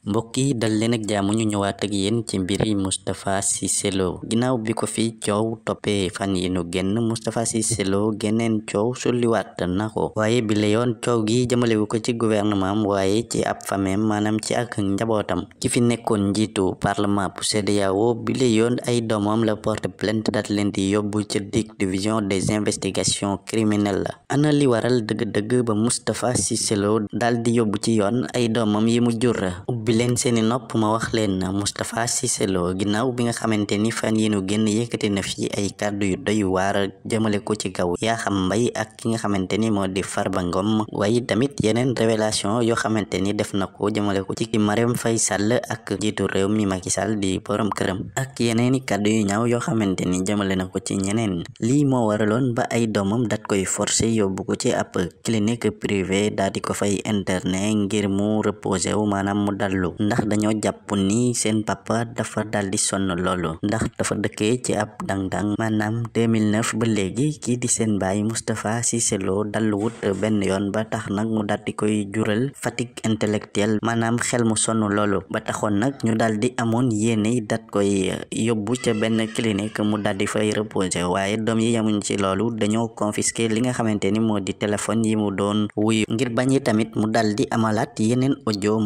mbokk yi dal leen ak jaamu ñu ñëwaat ak yéen ci mbiri Moustapha Cissé Lo ginnaaw bi ko fi coow toppee fan yi nu génn Moustapha Cissé Lo geneen coow sulliwaat na ko waaye bi yoon coow gi jëmalewu ko ci gouvernement waaye ci ab fameem maanaam ci ak njabootam ki fi nekkoon njiitu parlement bu CEDEAO bi la yoon ay doomam la porte plainte daat leen di yóbbu ci DIC division des investigations criminelles la ana li waral dëgg-dëgg ba Moustapha Cissé Lo daal di yóbbu ci yoon ay doomam yi mu jur ubbi leen seeni nopp ma wax leen Moustapha Cissé Lo ginnaaw bi nga xamante ni fan yi nu génn yëkkati na fi ay kàddu yu doy waar jëmale ko ci kaw yaa ak ki nga xamante ni moo di Farba Ngom waaye tamit yeneen révélation yoo xamante ni def na ko jëmale ko ci Marème Faye Sall ak njiitu réew mi Macky Sall di borom këram ak yeneeni kàddu yu ñaaw yoo xamante ni jëmale na ko ci ñeneen lii moo waraloon ba ay doomam dat koy forcer yo ko ci ab clinique privée daal di wàllu ndax dañoo jàpp ni seen papa dafa daldi sonn loolu ndax dafa dëkkee ci ab dang-dang maanaam 2009 ba léegi kii di seen baay si Cissé Lo dalluwut benn yoon ba tax nag mu daldi koy jural fatigue intellectuelle maanaam xel mu sonn loolu ba taxoon nag ñu daldi amoon yéene dat koy yóbbu ca benn clinique mu daldi fay reposer waaye doom yi yamuñ ci loolu dañoo confisquer li nga xamante ni moo di téléphone yi mu doon wuyu ngir bañ tamit mu daldi amalaat yeneen audio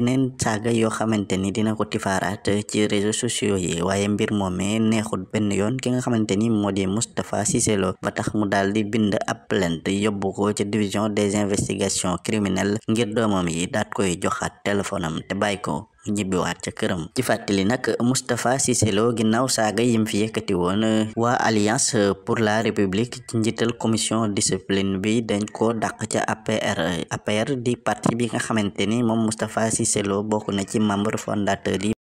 yeneen saaga yoo xamante ni dina ko tifaaraat ci réseaux sociaux yi waaye mbir moomee neexut benn yoon ki nga xamante ni moo di Moustapha Cissé Lo ba tax mu daal di bind ab plainte yóbbu ko ci division des investigations criminelles ngir doomam yi daat koy joxaat téléphone te bàyyi ko ñibbiwaat ca këram ci fàttali nag Moustapha Cissé Lo ginnaaw saaga yim fi yëkkati woon waa alliance pour la république ci njiital commission discipline bi dañ ko daq ca APR di parti bi nga xamante ni moom Moustapha Cissé Lo bokk na ci membre fondateur yi